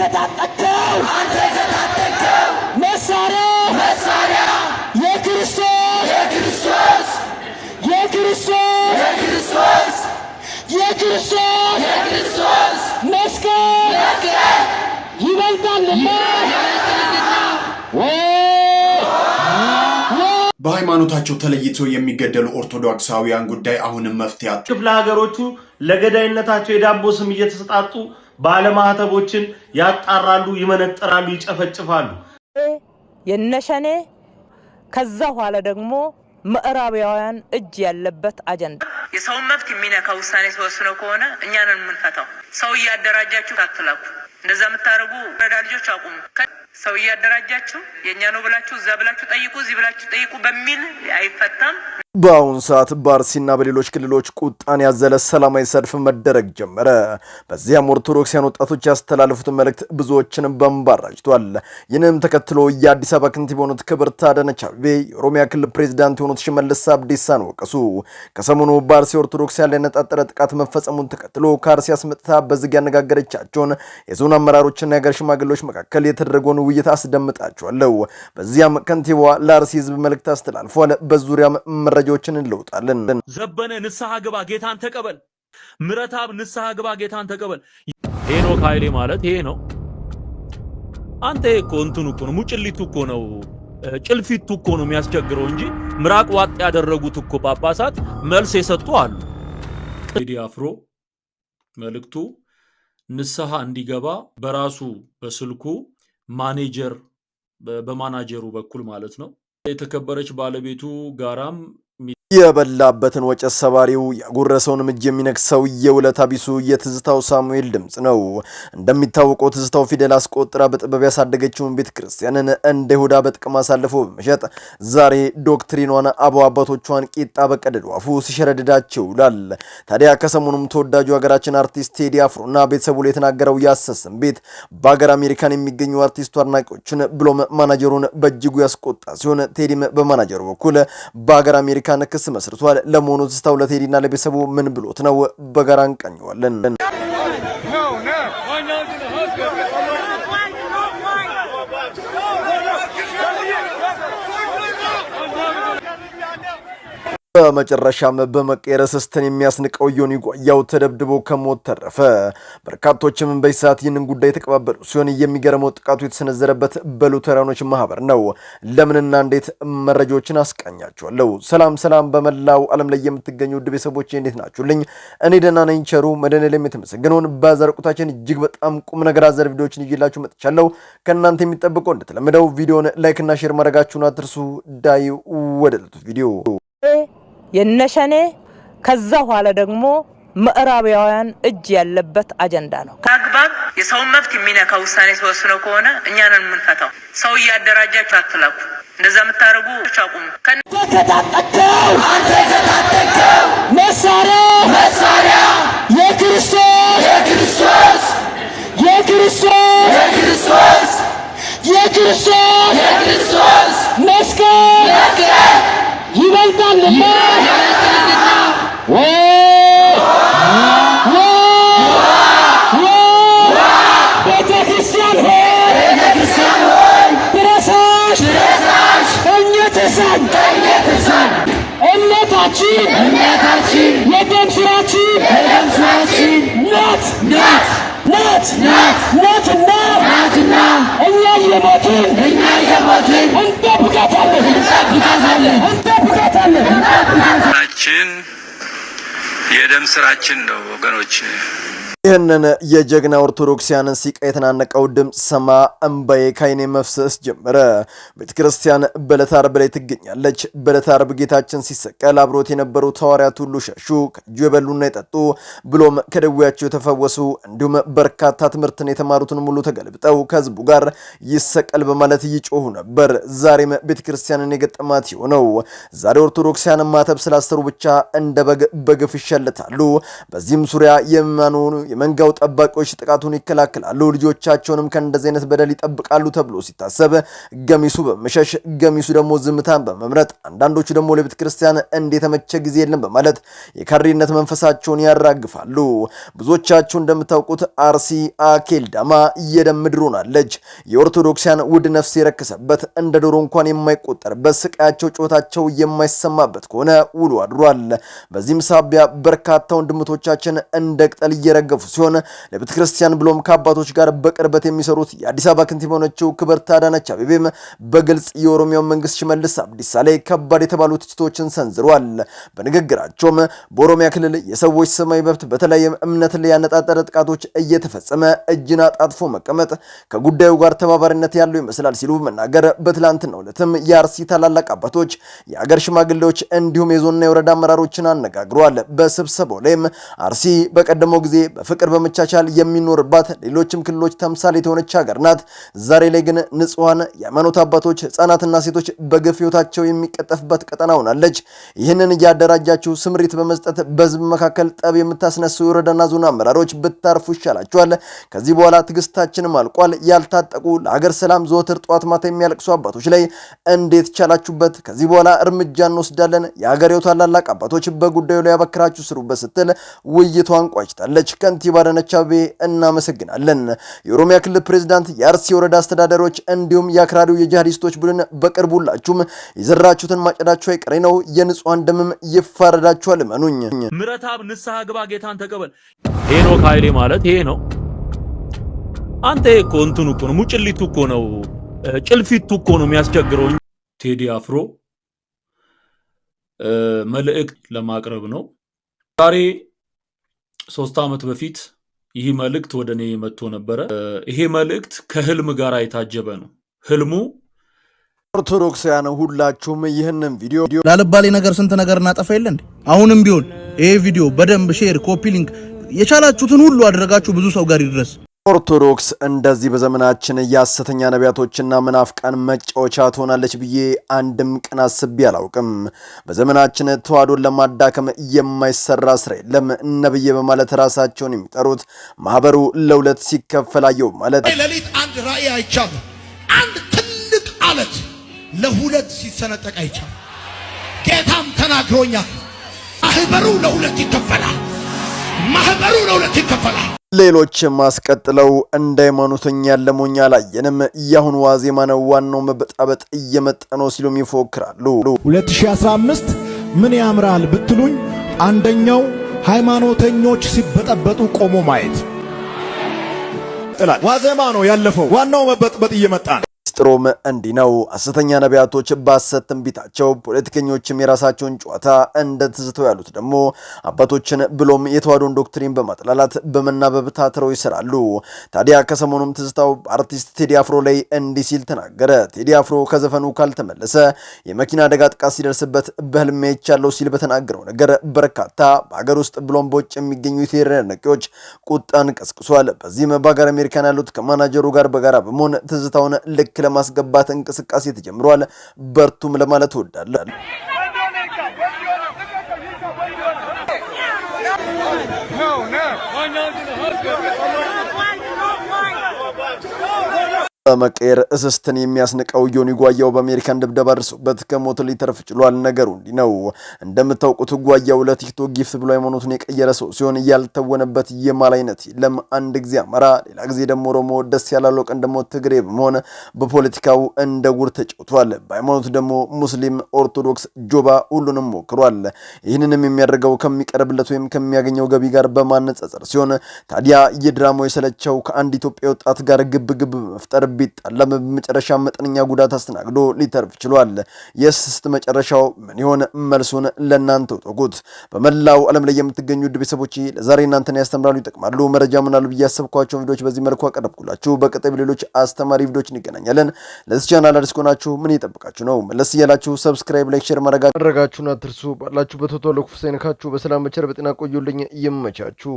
የታጠቅከው አንተ መሳሪያ መሳሪያ የክርስቶስ የክርስቶስ የክርስቶስ የክርስቶስ የክርስቶስ የክርስቶስ መስቀል መስቀል ይበልጣልና በሃይማኖታቸው ተለይተው የሚገደሉ ኦርቶዶክሳውያን ጉዳይ አሁንም መፍትያቸው ክፍለ ሀገሮቹ ለገዳይነታቸው የዳቦ ስም እየተሰጣጡ ባለማህተቦችን ያጣራሉ፣ ይመነጠራሉ፣ ይጨፈጭፋሉ። የነሸኔ ከዛ ኋላ ደግሞ ምዕራባውያን እጅ ያለበት አጀንዳ የሰውን መብት የሚነካ ውሳኔ ተወስኖ ከሆነ እኛን የምንፈታው ሰው እያደራጃችሁ አትላኩ። እንደዛ የምታደርጉ ረዳ ልጆች አቁሙ። ሰው እያደራጃችሁ የእኛ ነው ብላችሁ እዛ ብላችሁ ጠይቁ፣ እዚህ ብላችሁ ጠይቁ በሚል አይፈታም። በአሁኑ ሰዓት በአርሲና በሌሎች ክልሎች ቁጣን ያዘለ ሰላማዊ ሰልፍ መደረግ ጀመረ። በዚያም ኦርቶዶክሲያን ወጣቶች ያስተላለፉት መልእክት ብዙዎችን በንባራጅቷል። ይህንም ተከትሎ የአዲስ አበባ ከንቲባ የሆኑት ክብርት አዳነች አቤቤ የኦሮሚያ ክልል ፕሬዚዳንት የሆኑት ሽመልስ አብዲሳን ወቀሱ። ከሰሞኑ በአርሲ ኦርቶዶክሲያን ላይ ያነጣጠረ ጥቃት መፈጸሙን ተከትሎ ከአርሲ አስመጥታ በዝግ ያነጋገረቻቸውን የዞን አመራሮችና የሀገር ሽማግሌዎች መካከል የተደረገውን ውይይት አስደምጣቸዋለሁ። በዚያም ከንቲባዋ ለአርሲ ህዝብ መልእክት አስተላልፏል። በዙሪያም መረጃ ወዳጆችን እንለውጣለን። ዘበነ ንስሐ ግባ፣ ጌታን ተቀበል። ምረታብ ንስሐ ግባ፣ ጌታን ተቀበል። ሄኖክ ኃይሌ ማለት ይሄ ነው። አንተ እኮ እንትኑ እኮ ነው፣ ሙጭሊቱ እኮ ነው፣ ጭልፊቱ እኮ ነው የሚያስቸግረው እንጂ ምራቅ ዋጥ ያደረጉት እኮ ጳጳሳት መልስ የሰጡ አሉ። ቴዲ አፍሮ መልእክቱ ንስሐ እንዲገባ በራሱ በስልኩ ማኔጀር በማናጀሩ በኩል ማለት ነው የተከበረች ባለቤቱ ጋራም የበላበትን ወጭ ሰባሪው ያጎረሰውን እምጅ የሚነክሰው የውለታ ቢሱ የትዝታው ሳሙኤል ድምፅ ነው። እንደሚታወቀው ትዝታው ፊደል አስቆጥራ በጥበብ ያሳደገችውን ቤተ ክርስቲያንን እንደ ይሁዳ በጥቅም አሳልፎ በመሸጥ ዛሬ ዶክትሪኗን አበው አባቶቿን ቂጣ በቀደድ ዋፉ ሲሸረድዳቸው ይውላል። ታዲያ ከሰሞኑም ተወዳጁ ሀገራችን አርቲስት ቴዲ አፍሮና ቤተሰቡ የተናገረው ያሰስን ቤት በሀገር አሜሪካን የሚገኙ አርቲስቱ አድናቂዎችን ብሎም ማናጀሩን በእጅጉ ያስቆጣ ሲሆን ቴዲም በማናጀሩ በኩል በሀገር አሜሪካን ክስ መስርቷል። ለመሆኑ ትዝታው ለቴዲና ለቤተሰቡ ምን ብሎት ነው? በጋራ እንቃኘዋለን። በመጨረሻም በመቀየር ስስትን የሚያስንቀው ዮኒ ጓያው ተደብድቦ ከሞት ተረፈ። በርካቶችም በዚህ ሰዓት ይህንን ጉዳይ የተቀባበሉ ሲሆን የሚገርመው ጥቃቱ የተሰነዘረበት በሉተራኖች ማህበር ነው። ለምንና እንዴት መረጃዎችን አስቃኛቸዋለሁ። ሰላም ሰላም፣ በመላው ዓለም ላይ የምትገኙ ውድ ቤተሰቦች እንዴት ናችሁልኝ? እኔ ደህና ነኝ። ቸሩ መድኃኔዓለም የተመሰገነውን በዛሬው ቆይታችን እጅግ በጣም ቁም ነገር አዘል ቪዲዮዎችን ይዤላችሁ መጥቻለሁ። ከእናንተ የሚጠበቀው እንደተለመደው ቪዲዮን ላይክና ሼር ማድረጋችሁን አትርሱ። ዳይ ወደ ዕለቱ ቪዲዮ የነሸኔ ከዛ ኋላ ደግሞ ምዕራባውያን እጅ ያለበት አጀንዳ ነው። ከአግባብ የሰውን መብት የሚነካ ውሳኔ ተወስኖ ከሆነ እኛን የምንፈታው ሰው እያደራጃችሁ አትላኩ። እንደዛ የምታደርጉ አቁሙ። መሳሪያ መሳሪያ የክርስቶስ የክርስቶስ የክርስቶስ የክርስቶስ የክርስቶስ እምነታችን የደም ስራችን ናት ናት ናት ናትና እኛ እየሞትን እንጠብቃታለን እንጠብቃታለን። ስራችን የደም ስራችን ነው ወገኖች። ይህንን የጀግና ኦርቶዶክሲያንን ሲቃ የተናነቀው ድምፅ ሰማ እምባዬ ካይኔ መፍሰስ ጀመረ። ቤተ ክርስቲያን በዕለተ ዓርብ ላይ ትገኛለች። በዕለተ ዓርብ ጌታችን ሲሰቀል አብሮት የነበሩ ሐዋርያት ሁሉ ሸሹ፣ ከእጁ የበሉና የጠጡ ብሎም ከደዌያቸው የተፈወሱ እንዲሁም በርካታ ትምህርትን የተማሩትን ሙሉ ተገልብጠው ከህዝቡ ጋር ይሰቀል በማለት ይጮሁ ነበር። ዛሬም ቤተ ክርስቲያንን የገጠማት የሆነው ዛሬ ኦርቶዶክሲያን ማተብ ስላሰሩ ብቻ እንደ በግ በግፍ ይሸለታሉ። በዚህም ዙሪያ የሚማኑ የመንጋው ጠባቂዎች ጥቃቱን ይከላከላሉ፣ ልጆቻቸውንም ከእንደዚህ አይነት በደል ይጠብቃሉ ተብሎ ሲታሰብ ገሚሱ በመሸሽ ገሚሱ ደግሞ ዝምታን በመምረጥ አንዳንዶቹ ደግሞ ለቤተ ክርስቲያን እንደተመቸ ጊዜ የለም በማለት የካሪነት መንፈሳቸውን ያራግፋሉ። ብዙዎቻችሁ እንደምታውቁት አርሲ አኬልዳማ የደም ምድር ሆናለች። የኦርቶዶክሲያን ውድ ነፍስ የረከሰበት እንደ ዶሮ እንኳን የማይቆጠርበት ስቃያቸው፣ ጩኸታቸው የማይሰማበት ከሆነ ውሎ አድሯል። በዚህም ሳቢያ በርካታ ወንድምቶቻችን እንደ ቅጠል እየረገፉ ያሳለፉ ሲሆን ለቤተ ክርስቲያን ብሎም ከአባቶች ጋር በቅርበት የሚሰሩት የአዲስ አበባ ከንቲባ የሆነችው ክብርት አዳነች አቤቤም በግልጽ የኦሮሚያው መንግስት ሽመልስ አብዲሳ ላይ ከባድ የተባሉ ትችቶችን ሰንዝረዋል። በንግግራቸውም በኦሮሚያ ክልል የሰዎች ሰማይ መብት በተለያየ እምነት ላይ ያነጣጠረ ጥቃቶች እየተፈጸመ እጅን አጣጥፎ መቀመጥ ከጉዳዩ ጋር ተባባሪነት ያለው ይመስላል ሲሉ መናገር በትላንትናው ዕለትም የአርሲ ታላላቅ አባቶች፣ የአገር ሽማግሌዎች እንዲሁም የዞንና የወረዳ አመራሮችን አነጋግረዋል። በስብሰባው ላይም አርሲ በቀደመው ጊዜ በፍቅር በመቻቻል የሚኖርባት ሌሎችም ክልሎች ተምሳሌ የተሆነች ሀገር ናት። ዛሬ ላይ ግን ንጹሐን የሃይማኖት አባቶች፣ ህጻናትና ሴቶች በግፍ የሚቀጠፍበት ቀጠና ሆናለች። ይህንን እያደራጃችሁ ስምሪት በመስጠት በህዝብ መካከል ጠብ የምታስነሱ የወረዳና ዞን አመራሮች ብታርፉ ይሻላችኋል። ከዚህ በኋላ ትግስታችንም አልቋል። ያልታጠቁ ለሀገር ሰላም ዘወትር ጠዋት ማታ የሚያለቅሱ አባቶች ላይ እንዴት ቻላችሁበት? ከዚህ በኋላ እርምጃ እንወስዳለን። የሀገሬው ታላላቅ አባቶች በጉዳዩ ላይ ያበክራችሁ ስሩበት ስትል ውይይቷን ቋጭታለች። ከንቲባ አዳነች አቤቤ እናመሰግናለን። የኦሮሚያ ክልል ፕሬዝዳንት፣ የአርሲ ወረዳ አስተዳደሮች እንዲሁም የአክራሪው የጂሃዲስቶች ቡድን በቅርቡላችሁም የዘራችሁትን ማጨዳችሁ አይቀሬ ነው። የንጹሐን ደምም ይፋረዳችኋል። እመኑኝ። ምረታብ ንስሐ ግባ፣ ጌታን ተቀበል። ይሄ ነው ኃይሌ ማለት ይሄ ነው። አንተ እኮ እንትኑ እኮ ነው፣ ሙጭሊቱ እኮ ነው፣ ጭልፊቱ እኮ ነው የሚያስቸግረው። ቴዲ አፍሮ መልእክት ለማቅረብ ነው ዛሬ ሶስት ዓመት በፊት ይህ መልእክት ወደ እኔ መጥቶ ነበረ። ይሄ መልእክት ከህልም ጋር የታጀበ ነው። ህልሙ ኦርቶዶክሳውያን ሁላችሁም ይህንን ቪዲዮ ላልባሌ ነገር ስንት ነገር እናጠፋ የለ እንዴ? አሁንም ቢሆን ይሄ ቪዲዮ በደንብ ሼር፣ ኮፒ ሊንክ የቻላችሁትን ሁሉ አድረጋችሁ ብዙ ሰው ጋር ይድረስ። ኦርቶዶክስ እንደዚህ በዘመናችን የሐሰተኛ ነቢያቶችና መናፍቃን መጫወቻ ትሆናለች ብዬ አንድም ቀን አስቤ አላውቅም። በዘመናችን ተዋህዶን ለማዳከም የማይሰራ ስራ የለም። ነብዬ በማለት ራሳቸውን የሚጠሩት ማህበሩ ለሁለት ሲከፈላየው ማለት ሌሊት አንድ ራእይ አይቻለሁ። አንድ ትልቅ አለት ለሁለት ሲሰነጠቅ አይቻለሁ። ጌታም ተናግሮኛል። ማህበሩ ለሁለት ይከፈላል። ማህበሩ ለሁለት ይከፈላል። ሌሎችም አስቀጥለው እንደ ሃይማኖተኛ ያለሞኝ አላየንም፣ የአሁኑ ዋዜማ ነው ዋናው መበጣበጥ እየመጠ ነው ሲሉም ይፎክራሉ። 2015 ምን ያምራል ብትሉኝ አንደኛው ሃይማኖተኞች ሲበጠበጡ ቆሞ ማየት። ዋዜማ ነው ያለፈው፣ ዋናው መበጥበጥ እየመጣ ነው። ሚስጥሩም እንዲህ ነው። ሐሰተኛ ነቢያቶች በሐሰት ትንቢታቸው፣ ፖለቲከኞችም የራሳቸውን ጨዋታ እንደ ትዝተው ያሉት ደግሞ አባቶችን ብሎም የተዋሕዶን ዶክትሪን በማጥላላት በመናበብ ታትረው ይሰራሉ። ታዲያ ከሰሞኑም ትዝታው በአርቲስት ቴዲ አፍሮ ላይ እንዲህ ሲል ተናገረ። ቴዲ አፍሮ ከዘፈኑ ካልተመለሰ የመኪና አደጋ ጥቃት ሲደርስበት በህልሜ ይቻለው ሲል በተናገረው ነገር በርካታ በሀገር ውስጥ ብሎም በውጭ የሚገኙ የቴዲ ቁጣን ቀስቅሷል። በዚህም በሀገር አሜሪካን ያሉት ከማናጀሩ ጋር በጋራ በመሆን ትዝታውን ልክ ለማስገባት እንቅስቃሴ ተጀምሯል። በርቱም ለማለት እወዳለሁ። በመቀየር እስስትን የሚያስንቀው ዮኒ ጓያው በአሜሪካን ድብደባ ደርሶበት ከሞት ሊተርፍ ችሏል። ነገሩ እንዲህ ነው። እንደምታውቁት ጓያው ለቲክቶክ ጊፍት ብሎ ሃይማኖቱን የቀየረ ሰው ሲሆን ያልተወነበት የማል አይነት የለም። አንድ ጊዜ አማራ፣ ሌላ ጊዜ ደግሞ ኦሮሞ፣ ደስ ያላለው ቀን ደግሞ ትግሬ በመሆን በፖለቲካው እንደ ጉር ተጫውቷል። በሃይማኖት ደግሞ ሙስሊም፣ ኦርቶዶክስ፣ ጆባ ሁሉንም ሞክሯል። ይህንንም የሚያደርገው ከሚቀርብለት ወይም ከሚያገኘው ገቢ ጋር በማነጻጸር ሲሆን ታዲያ የድራማው የሰለቸው ከአንድ ኢትዮጵያ ወጣት ጋር ግብ ግብ በመፍጠር ቢጣለም በመጨረሻ መጠነኛ ጉዳት አስተናግዶ ሊተርፍ ችሏል። የስስት መጨረሻው ምን ይሆን? መልሱን ለእናንተ ውጠጉት። በመላው ዓለም ላይ የምትገኙ ውድ ቤተሰቦች ለዛሬ እናንተን ያስተምራሉ፣ ይጠቅማሉ፣ መረጃ ምናሉ ብዬ ያሰብኳቸውን ቪዲዮዎች በዚህ መልኩ አቀረብኩላችሁ። በቀጣይ ሌሎች አስተማሪ ቪዲዮዎች እንገናኛለን። ለዚህ ቻናል አዲስ ከሆናችሁ ምን እየጠበቃችሁ ነው? መለስ እያላችሁ ሰብስክራይብ፣ ላይክ፣ ሼር ማድረጋችሁን አትርሱ። ባላችሁ ቶሎ ክፉ ሳይነካችሁ በሰላም መቸር በጤና ቆዩልኝ። ይመቻችሁ።